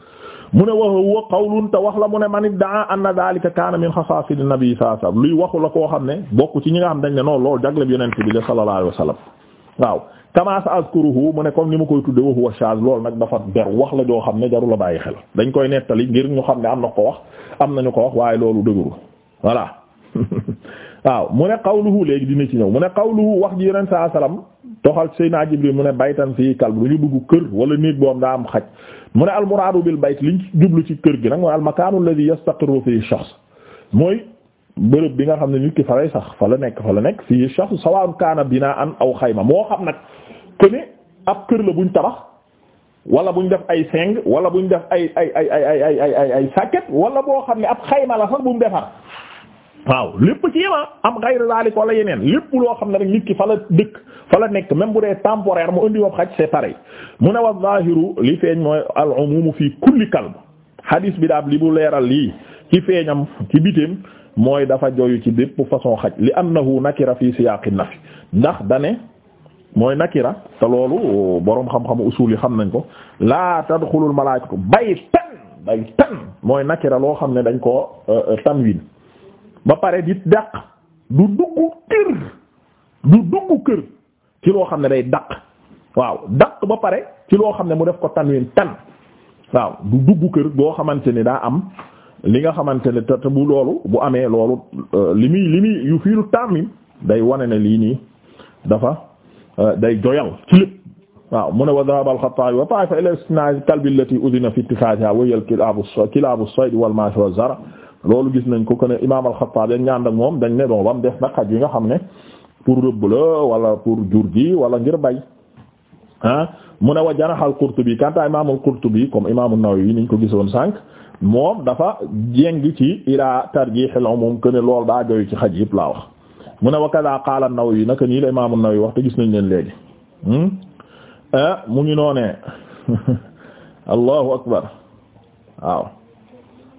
mu ne waxuwa qawlun te wax la mu ne man daa anna daalika kaana min xasaasi nabi sallallahu alayhi wasallam luy waxu la koo xam ne bokk ci ñi nga xam dañ ne noonu loolu jagleb yonent bi la sallallahu alayhi wasallam waaw kama azkuruhu mu ne comme ni ma koy tudde waxuwa shaaz loolu nag dafa ber wax la joo xam ne jarul a bàyyi xel dañ koy nettali ngir ñu xam ne am na ko wax am nañu ko wax waaye loolu dëgëru voilà waaw mu ne qawluhu léegi dina ci ñëw mu ne qawluhu wax ji yonent sallallahu alayhi wasallam toxal Seydina Jibril mu ne baytan fii kalb du ñu dugg kër wala néeg boo am daa am xaj mu ne al muraadu bil bayt liñ jublu ci kër gi nag mooy al makaanu alladhi yastaqirru fii shakhs mooy bërëb bi nga xam ne nit ki fa sax fa la nekk fa la nekk fii shakhs sawa'un kaana binaan aw xayma moo xam nag que ab kër la buñ tabax wala buñ def ay seng wala buñ def ay ay ay ay ay ay sàkket wala boo xam ne ab xayma la sax bu defar waaw lépp ci yema am xayri dalik wala yeneen lépp loo xam ne nit ki fa la dëkk fa la nekk même bu dee temporaire mu indi wam xaj c'est pareil mu ne wax zahiru li feeñ mooy al umum fii kulli kalb hadis bi daal li bu leeral lii ci feeñam ci bitim mooy dafa joyu ci bépp façon xaj li annahu nakira fii siyaqi nafi ndax dane mooy nakira te loolu boroom xam-xamu usul yi xam nañ ko la tadxulul malaikatu bay baytan mooy nakira loo xam ne dañ ko euh, euh, tanwin ba pare di dàq du dugg kër du dugg kër ci loo xam ne day dàq waaw dàq ba pare ci loo xam ne mu def ko tanwin tan waaw du dugg kër goo xamante ni daa am li nga xamante ne te bu loolu bu amee loolu euh, li muy li muy yu fiiru tamim day wane ne lii nii dafa euh, day joyal ci lépp waaw mu ne wa dhahaba al-Khattabi wa ta'ifa ila istinaz kalbi allati udhina fi ittikhadha wa hiya kilaabu as-sayd wal maash loolu gis nañ ko ko ne imaam al-Xattaabi dañ ñaan ak moom dañ ne bon ba mu des nag xaj yi nga xam ne pour rëbb la wala pour jur gi wala ngir bay ah mu ne wa janax al-Qurtubi kanta imaam al-Qurtubi comme naw an ni ñu ko gisoon sànq moom dafa jéng ci ilaa tarjiih al-umuum que ne ci xaj yëpp laa wax. mu ne wa kadaa qaala an-Nawawi naka nii la imaam an-Nawawi wax te gis nañ leen léegi hmm? ah, mu ngi noonee allahu akbar waaw.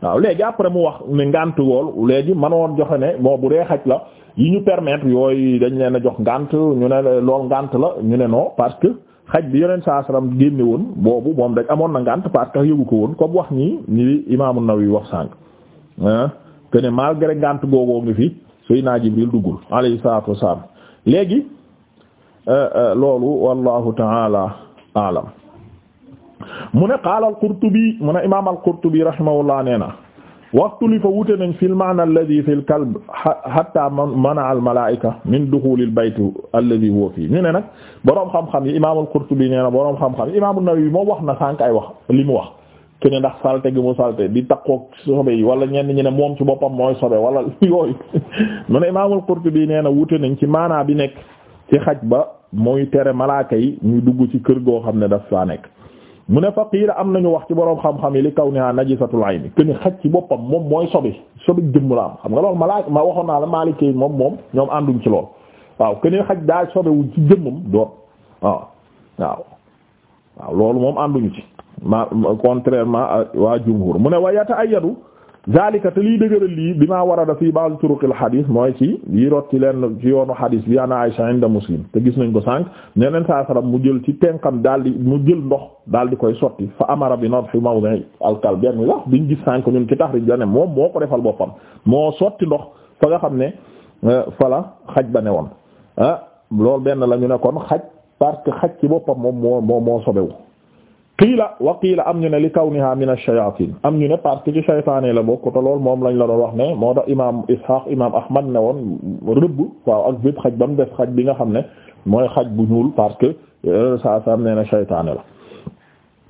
waaw léegi après mu wax ne ngànt wool léegi manoon joxe ne moo bu dee xaj la yi ñu permettre yooyu dañ leen a jox ngànt ñu ne lool ngànt la ñu ne noo parce que xaj bi yoneen saa salaam génne woon boobu moom dañ amoon na ngànt parce que yëgu ko woon comme wax ñii ñi imaamu Nawawi wax sànq ah que ne malgré ngànt googoo ngi fi Seydina Jibril duggul alayhi salaatu wasalaam léegi euh, euh, loolu wallahu taala alam mu ne qaala al-Qurtubi mu ne imaam al-Qurtubi rahimahullah nee na waxtulifa wute nañ fi al-ma'na alladhi fi al-kalb hatta mana'a al-malaa'ika min dukhul al-bayt alladhi huwa fii ñu ne nag boroom xam-xam yi imaam al-Qurtubi nee na boroom xam-xam yi imaam an-Nawawi moom wax na sànq ay wax li mu wax ke ne ndax salte gi mu salte di takkoog sobe yi wala ñenn ñi ne moom ci boppam mooy sobe wala yooyu mu ne imaam al-Qurtubi nee na wute nañ ci maanaa bi nekk ci xaj ba mooy tere malaaka yi ñu dugg ci kër goo xam ne daf faa nekk mu ne faqiira am nañu wax ci boroom xam-xam yi li kaw ne najisatul ayni ni xaj ci boppam moom mooy sobi sobi jëmm la am xam nga loolu ma laaj ma waxoon naa la maalikee moom moom ñoom ànduñ ci lool waaw que ni xaj daa sobewu ci jëmmam doot waaw waaw waaw loolu moom ànduñu ci ma contrairement waa jumhur mu ne wa ay ayadu zalika te liy dëgëral lii bi maa warada fii ba'd turuqil xadis mooy ci yi rot ci leen ci yoonu xadis bi ana Aysa inda Muslim te gis nañ ko sànq ne leen saa mu jël ci tenkam daal di mu jël ndox daal di koy sotti fa amara bi nadhi mawdi'i alkal benn mi wax ñu gis sànq ñun ci taxrij la ne moom moo ko defal boppam moo sotti ndox fa nga xam ne euh, fala xaj ba ne woon ah loolu benn la ñu ne kon xaj parce que xaj ci boppam moom moo moo moo sobewu qiila wa qiila am ñu ne li kawniha min ash-shayatin am ñu ne parce que shaytaane la bokk te lool moom lañ la doon wax ne moo tax imaam Ishaq imaam Ahmad ne woon rëbb waaw ak bépp xaj ba mu def xaj bi nga xam ne mooy xaj bu ñuul parce que euh, saa na shaytaane la.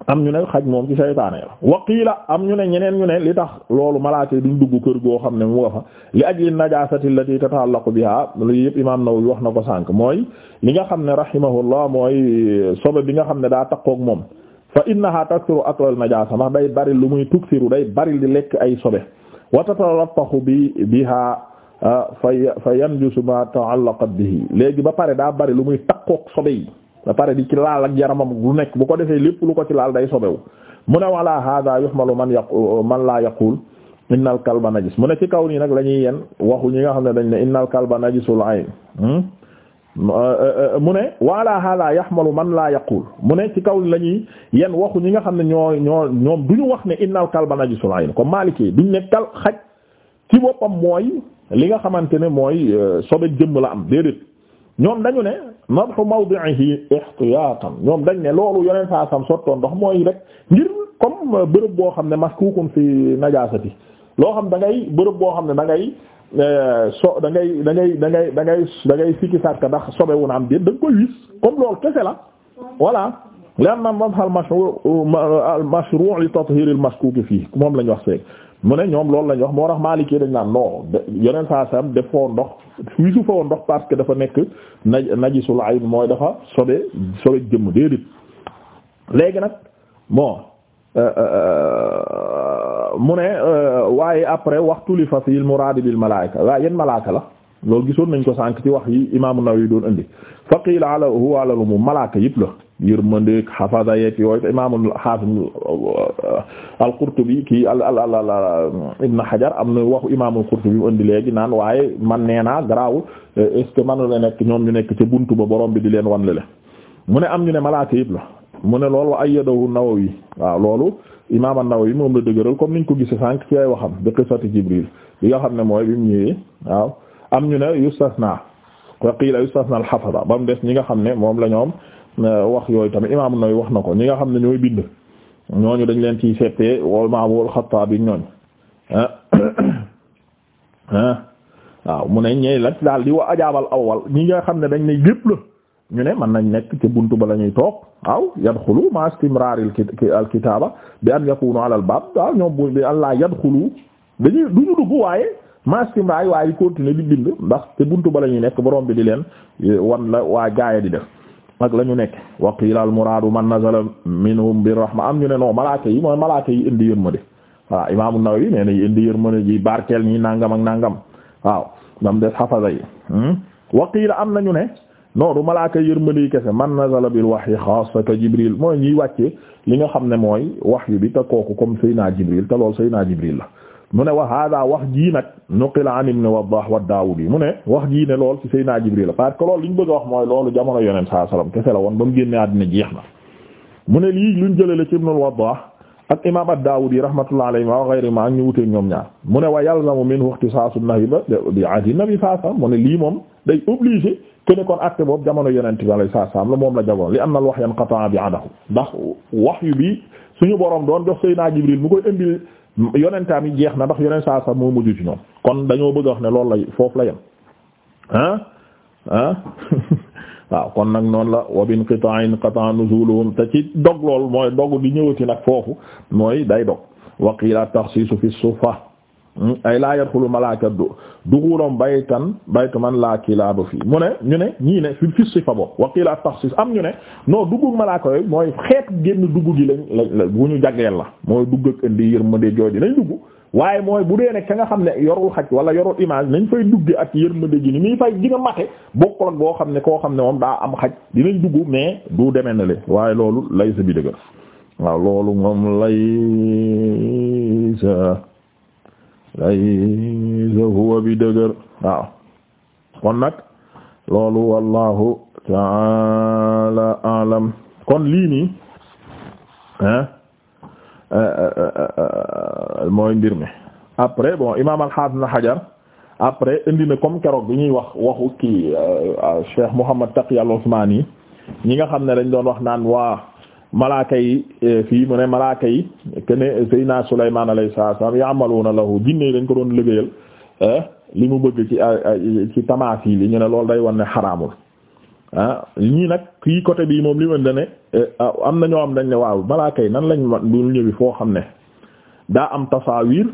am ñu ne xaj moom ci shaytaane la wa qiila am ñu ne ñeneen ñu ne li tax loolu malaaka yi duñ dugg kër goo xam ne mu nga fa li ajli najaasati allati tata'allaqu biha li yëpp imaam Nawawi wax na ko sànq mooy li nga xam ne rahimahullah mooy sobe bi nga xam ne daa taqoog moom fa innaha taksiru aklal a ndax day bari lu muy tuksiru day bari di lekk ay sobe wa tatalattaxu bi biha ah, fa fa yanjusu ma ta'allaqat bihi léegi ba pare daa bari lu muy takkook sobe yi ba pare di ci laal ak yaramam lu nekk bu ko defee lépp lu ko ci laal day sobewu mu ne wala hada yuhmalu man yaq man laa yaqul innal kalba najis mu ne ci kaw nii nag la ñuy yen waxu ñi nga xam ne dañ ne innal kalba najisul ayn hmm? mu ne wala hala yaxmalu man la yaqul mu ne ci kaw la ñuy yen waxu ñi nga xam ne ñoo ñoo ñoom duñu wax ne innal kalba najisul ayn comme Maliki duñ ne kal xaj ci boppam mooy li nga xamante ne mooy euh, sobe jëmm la am déedéet ñoom dañu ne nadhu mawdi'ihi ihtiyatan ñoom dañ ne loolu yoneen saa sam sottoon ndox mooy rek ngir comme euh, bërëb boo xam ne maskukun fi najasati loo xam da bërëb boo xam ne dangay Eh, so da ngay dangay ngay da ngay da ngay da ngay sikki sàkk ndax sobe wu na am déet da nga koy wis comme loolu kese la voilà li am na mazhal al mashru' li tathhir al mashkuk fii moom la ñu wax seeg mu ne ñoom lool la wax moo tax Maliki dañ naan non yeneen saa sam def foo ndox wisu foo ndox parce que dafa nekk naj najisul ayn mooy dafa sobe sobe jëmm déedéet léegi nag bon. Euh, euh, euh, mu ne waaye après waxtu li fa fil muraad bil malaayika waaye yan malaaka la loolu gisoon nañ ko sànq ci wax yi imaamu Nawawi doon indi fa qiila ala huwa ala mu malaaka yit la yërmandeeg xafada yeeg yooyu te imaamu xaasim al-Qurtubi kii al al al al Ibn Hajar am na waxu imaamu Qurtubi mu indi léegi naan waaye man nee naa garaawul est ce que man la nekk ñoom ñu nekk ci bunt ba borom bi di leen wan lele mu ne am ñu ne malaaka yit la. mu ne loolu ayyadahu yi waaw loolu imaam an yi moom la dëgëral comme ñu ko gisee sànq ci ay waxam bi qissati Jibril bi nga xam ne mooy bi mu am ñu ne yustasna wa qiila yustasna al-hafaza ba mu des ñi nga xam ne moom la ñoom euh, wax yooyu tamit imaam an wax na ko ñi nga xam ne ñooy bind ñooñu dañ leen ciy seppee wal maamul Xattaabi ñooñ ah, ah waaw mu ne ñey la daal di wa ajaabal awwal ñi nga xam ne dañ ne gépp la ñu ne mën nañ nekk ci buntu ba la ñuy toog waaw yadxulu ma istimraaril alkitaaba bi an yakunu ala al baab waaw ñoom bu bi allah yadxulu dañuy du ñu waaye ma istimraar waaye di continuer di bind ndax ci bunt ba la ñuy nekk borom bi di leen e, wan la waa gaaya di def ak la ñu nekk wa qiila al muraadu man nazala minhum bir rahma am ñu ne non malaaka yi mooy malaaka yi indi yërmande waaw imaamu Nawawi nee na indi yërmande ji barkeel ñi nàngam ak nangam waaw ngam des xafasa yi hmm? wa qiila ne non du malaaka yërmande kese man nazala bil wahyi xaasa ka Jibril mooy ñiy wàcce li nga xam ne mooy wax wahyu bi te kooku comme Seyna Jibril te lool Seyna Jibril la mu ne wa hada wax jii nag nuqila an ibn Waddah wa Daawudi mu ne wax jii ne lool ci Seyna Jibril la parce que loolu li ñu bëgg wax mooy loolu jamono yonent saa salaam kese la woon ba mu génnee àddina jeex na mu ne lii luñ jëlee la ci ibn Waddah ak imam ad-Daawudi rahmatullahi alayhi wa ghayrihimaa ak ñoom ñaar mu ne wa yalzamu minhu ixtisaasu nabi bi ahdi nabi saa salaam mu ne lii moom day kene kon acte boobu jamono yonent bi alayhi salaam la moom la jagoon li anna al wahya inqata'a bi'adahu ndax wahyu bi ñu borom doon jox Seydina Jibril mu koy indil yonentaam yi jeex na ndax yonent saa saa moo mujj ci ñoom kon dañoo bëgg a wax ne loolu lay foofu la yem ah waaw kon nag noonu la wa bin qita'in qata'a nuzuluhum te ci dog lool mooy dog di ñëwati nag foofu mooy day dog wa qila takhsisu fi suufa ay laa yadxulu malaaka du duxuulam baytan baytu man laa kilaaba fii mu ne ñu ne ñii ne fi fis ci fa bopp waqiila ak taxsiis am ñu ne non duggu malaaka yooyu mooy xeet génn dugg gi lañ lañ bu ñu jagleel la mooy dugg ak indi yërmande jooju nañ dugg waaye mooy bu dee ne ka nga xam ne yorul xaj wala yorul image nañ fay dugge ak yërmande gi ni muy fay dina mate bokkul ak boo xam ne koo xam ne moom daa am xaj dinañ dugg mais du demee na le waaye loolu lay sa bi dëgër waaw loolu moom lay sa laysa huwa bi dëgër waaw kon nag loolu wallahu taala alam kon lii nii hein euh, euh, euh, mooy mbir mi après bon imaam al na Hajar après indi na comme keroog bi ñuy wax waxu kii Cheikh Mouhamad Taqi al-Usmani ñi nga xam ne dañ doon wax naan waa malaaka yi e, fii mu ne malaaka yi kene Seydina Sulaymaan alayhi salaam ya'maluuna lahu jinne yi dañ ko doon liggéeyal e, li mu bëgg ci ci tamasil yi ñu ne lool day wan ne xaraamul ah ñii nag kii côté bii moom li mën da ne e, am na ñoo am dañ ne waaw malaaka yi nan lañ ma du ñëwi foo xam ne daa am tasaawiir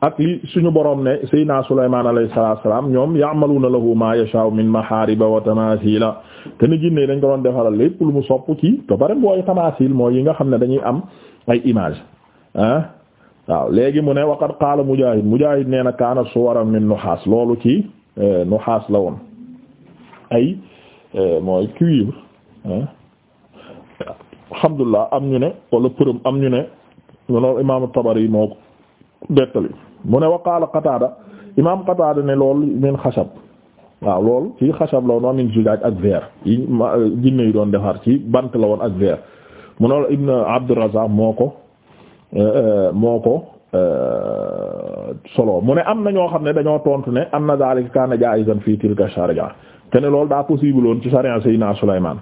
ak li suñu borom ne Seydina Sulaymaan alayhi salaatu salaam ñoom ya'maluuna lahu maa yashaa'u min mahaariba wa tamaasiila te ni jinne dañ ko doon defaral lépp lu mu sopp ci to bare booy tamaasiil mooy yi nga xam ne dañuy am ay image ah waaw léegi mu ne waqad qaala Mujaahid Mujaahid nee na kaana suwaran min nuhaas loolu ci eh, nuhaas la woon ay eh, mooy cuivre alhamdulillah am ñu ne wala përëm am ñu ne loolu imaamu Tabari moo ko dettali mu ne wa qaala Qataada imaam Qataada ne lool min xasab waaw lool ci xasab la woon waa min zujaaj ak verre yi ma jinne yi doon defar ci bant la woon ak verre mu ne loolu Ibn Abdurrazzaq moo ko euh, moo ko euh, solo mu ne am na ñoo xam ne dañoo tontu ne am na zaalika kaana jaa'izan fii tilka sharja te ne loolu daa possible woon ci sariya Sayyidina Sulaymaan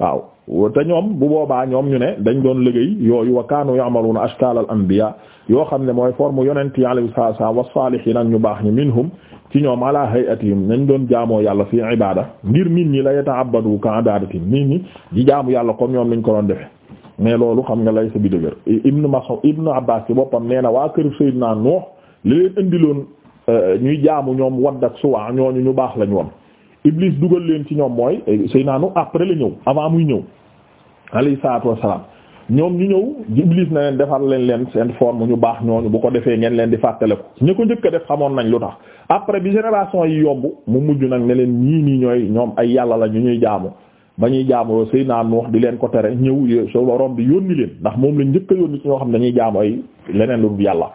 waaw te ñoom bu boobaa ñoom ñu ne dañ doon liggéey yooyu wa kaanu ya'maluna ashkal al anbiya yoo xam ne mooy forme yonent yi alayhi salaam wa saalihiin ak ñu baax ñi minhum ci ñoom ala hayatihim nañ doon jaamoo yàlla fi ibada ngir nit ñi la yata'abbadu ka adadatihim nit ñi di jaamu yàlla comme ñoom niñ ko doon defee mais loolu xam nga lay sa bi dëgër ibnu Mas'ud ibnu Abbas ci boppam nee na waa kër Seydina Nuux li leen indiloon euh, ñuy jaamu ñoom wadd ak suwa ñooñu ñu baax lañu woon Iblis dugal leen ci ñoom mooy eh, Seynaanu après la ñëw avant muy ñëw alayhi salaatu wassalaam ñoom ñu ñëw Iblis na leen defal leen leen seen forme ñu baax ñooñu bu ko defee ngeen leen di fàttaliku ñu ko njëkk def xamoon nañ lu tax après bi génération yi yomb mu mujj nag ne leen ñii nii ñooy ñoom ay yàlla la ñu ñuy jaamu ba ñuy jaamu Seydina Nuux di leen ko tere ñëw so borom bi yónni leen ndax moom la njëkk a yónni ci ñoo xam ne dañuy jaamu ay leneen lu yàlla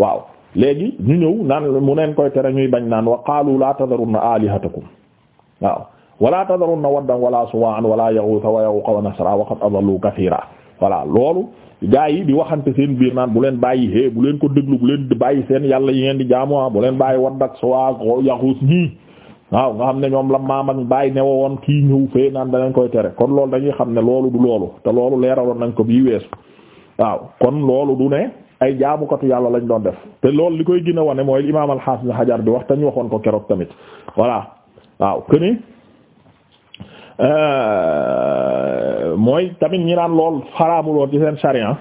waaw léegi ñu ñëw naan mu neen koy tere ñuy bañ naan wa qaalu laa tadarunna alihatakum waaw wala tadarunna waddan wala suwa'an wala yaghutha wa yawqa wa nasra wa qad adallu kathira voilà loolu gaa yi di waxante seen biir naan bu leen bàyyi hee bu leen ko déglu bu leen bàyyi seen yàlla yi ngeen di jaamu ah, bu leen bàyyi wadd ak suwa yaxuus ñii waaw nga xam ne ñoom la maam ak bàyyi ne woon kii ñëw fee naan danañ koy tere kon lool dañuy xam ne loolu du loolu te loolu leeraloon nañ ko bii weesu waaw kon loolu du ne ay jaamukatu yàlla lañ doon def te loolu li koy gën a wane mooy imaam al-Hasan Hajar bi wax te ñu waxoon ko keroog tamit voilà waaw këne euh, mooy tamit ñi naan lool xaraamuloon ci seen sharia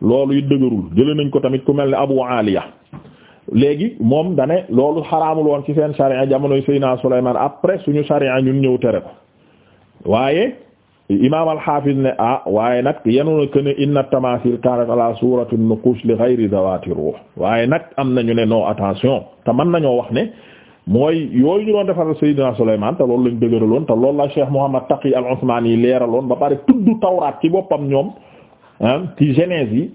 loolu yu dëgërul jëlee nañ ko tamit ku mel ni Abu Aliya léegi moom dane loolu xaraamuloon ci seen sharia jamonoy Seydina Sulaymaan après suñu sharia ñun ñëw tere ko waaye imaam al-Hafiz ne ah waaye nag yenu na këne inna tamasil kanat ala surati nuqush li ghayri zawati ruh waaye nag am na ñu ne non attention te mën nañoo wax ne mooy yooyu ñu doon defaral Seydina Souleymane te loolu lañ dëgëraloon te loolu la Cheikh Mouhamad Taqi al-Usmani yi leeraloon ba pare tudd tawraat ci boppam ñoom ci Genèse yi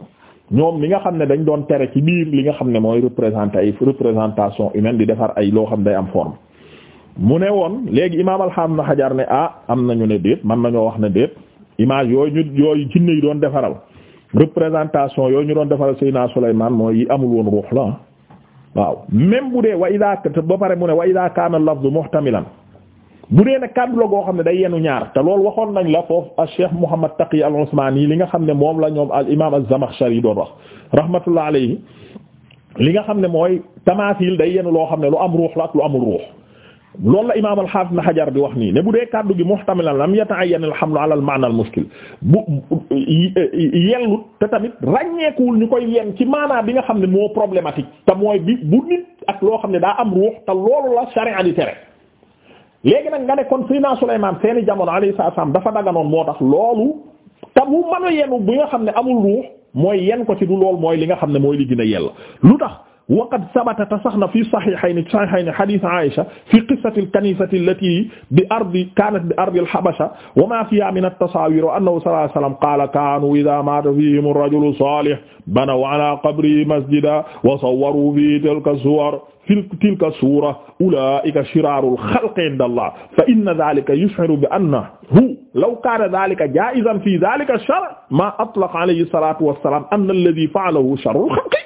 ñoom li nga xam ne dañ doon tere ci biir li nga xam ne mooy représenté ay représentation humaine di defar ay loo xam day am forme mu ne woon léegi imaam alxam na xajaar ne ah am na ñu ne déet man nañoo wax ne déet image yooyu ñu yooyu jinne yi doon defaral représentation yooyu ñu doon defaral Seydina Souleymane mooy yi amul woon ruux la ah. waaw même bu dee wa idaa ba pare mu ne wa idaa kaana lafzu muhtamilan bu dee nag kàddu la goo xam ne day yenu ñaar te loolu waxoon nañ la foofu al cheikh Muhammad Taqi al Usmani li nga xam ne moom la ñoom al imaam az-Zamakhshari doon wax rahmatullah alayhi li nga xam ne mooy tamasil day yenu loo xam ne lu am ruux la ak lu amul ruux loolu la imaam al-Hafiz Ibn di wax nii ne bu dee kàddu gi muhtamilan lam yata'ayyan al-hamlu ala al-ma'na al-mushkil bu yellut te tamit ràññeekuwul ñu koy yenn ci maanaa bi nga xam ne moo problématique te mooy bu nit ak loo xam ne daa am ruux te loolu la sharia di tere léegi nag nga ne kon Seydina Sulaymaan seeni jamono alayhi salaam dafa daganoon moo tax loolu te bu mën a yenu bi nga xam ne amul ruux mooy yenn ko ci du lool mooy li nga xam ne mooy li gën a lu tax waqad sabata te sax na fii sahihayn sahihayn hadith Aisha fi qissati al-kanisati allati bi ardi kanat bi ardi al-habasha wa ma fiha min at-tasawir wa annahu sallallahu alayhi wa sallam qala kanu idha mata fihim ar-rajulu salih banaw ala qabrihi masjidan wa sawwaru fihi tilka suwar tilka sura ulaika shirarul khalqi inda Allah fa inna dhalika yush'iru bi annahu law kana dhalika jaizan fi dhalika ash-shar' ma atlaqa alayhi salatu wassalam anna alladhi fa'alahu sharrul khalqi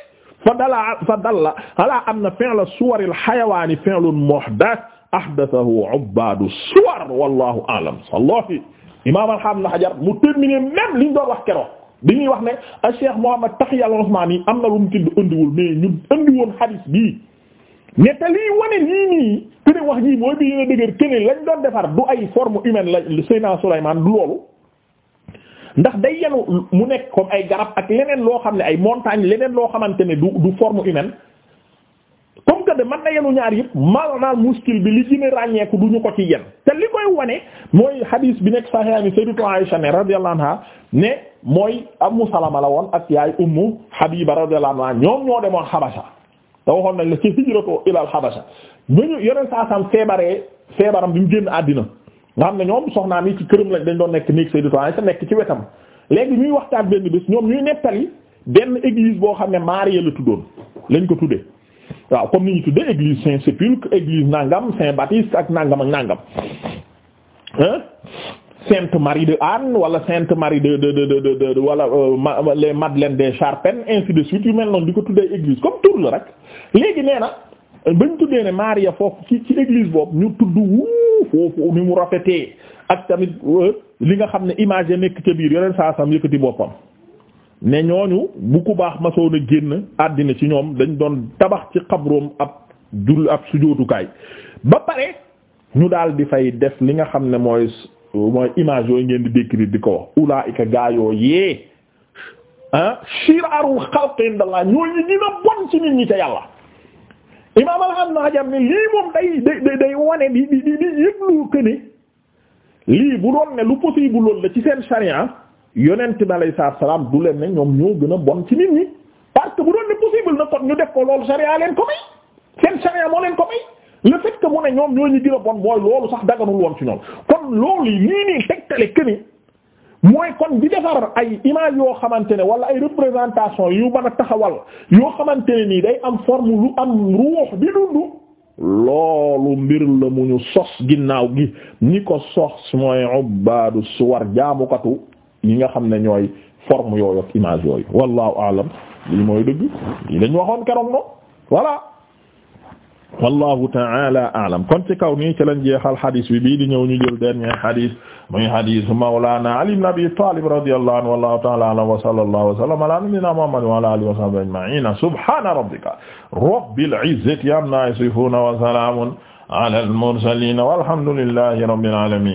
fa dala fa dalla ala anna fi'la suwar al-hayawaani fi'lun muhdath ahdathahu ubbaadu suwar wallahu a'lam wallahi imaam al-hafiz ibn hajar mu terminé même liñ doon wax keroog bi ñuy wax ne a cheikh Muhammad Taqiy al-Usmani am na lu mu tudd andiwul mais ñu andi woon hadith bii mais te lii wane nii nii te wax jii mooy bi yéen a dëgër keneen lañ doon defar du ay forme humaine la Seydina Souleymane du loolu ndax day yenu mu nekk comme ay garab ak leneen loo xam ne ay montagne leneen loo xamante ne du du forme humaine comme que de mën na yenu ñaar yëpp maanaal muskil bi li gën ràññeeku du ko ci yen te li koy wane mooy hadis bi nekk saxiixaani to Aisha ne radiyallahu anha ne mooy Ummu Salama la woon ak yaay Ummu Habiba radiyallahu anha ñoom ñoo demoon Habasha te waxoon nañ la ci hijratu ilal Habasha ñu yeneen saa feebaree feebaram bi mu génn àddina nga xam ne ñoom soxnaam yi ci këram lañ dañ doon nekk néeg Sayyidatu Aisha nekk ci wetam léegi ñuy waxtaan benn bés ñoom ñuy nettali benn église boo xam ne Marie la tuddoon lañ ko tuddee waaw comme ni ñu tuddee église Saint-Sépulcre église Nangam Saint-Baptiste ak Nangam ak Nangam hein Sainte Marie de Anne wala Sainte Marie de de de de wala euh, les Madeleines de Charpennes ainsi de suite yu mel noonu di ko tuddee église comme tur la rek léegi nee na. bañ tuddee ne Maria foofu ci ci église boobu ñu tudd wu foofu ni mu rafetee ak tamit euh, li nga xam ne image ya nekk ca biir yeneen saa sam yëkkati boppam ne ñooñu bu ku baax masoon a génn àddina ci ñoom dañ doon tabax ci xabroom ab jull ab sujootukaay ba pare ñu daal di fay def li nga xam ne mooy mooy image yooyu ngeen di décrire di ko wax ulaa'ika gaayoo yee ah shirarul xalqi indallah ñooñu dina bon ci nit ñi ca yàlla imaam Ibn Hajar ne lii moom day day day wane di di di di yëglu que ne lii bu doon ne lu possible loolu la ci seen charia yonent bi alayhi salaam du leen ne ñoom ñoo gën a bon ci nit ñi parce que bu doon ne possible na kon ñu def ko loolu charia leen ko may seen charia moo leen ko may le a bon sax daganul woon ci ñoom kon loolu yi nii nii tegtale que mooy kon di defar ay image yoo xamante ne wala ay représentation yu mën a taxawal yoo xamante ne nii day am forme lu am ruux di dund loolu mbir la mu ñu sos ginnaaw gi ni ko sos mooy ubbaadu suwar jaamukatu yi nga xam ne ñooy forme yooyu ak image yooyu wallahu alam lii mooy dëgg lii lañ waxoon keroog noonu voilà wallahu ta'ala a'lam kon ci kaw nii ci lañ jeexal xadis bi bii di ñëw ñu jël dernier xadis muy xadisu mawlana Ali ibn Abi Talib radiyallahu anhu wallahu ta'ala a'lam wa sallallahu wa sallama ala nabiyyina Muhammad wa ala alihi wa sahbihi ajma'in subhana rabbika rabbil izzati amma yasifun wa salamun ala al mursalin walhamdulillahi rabbil alamin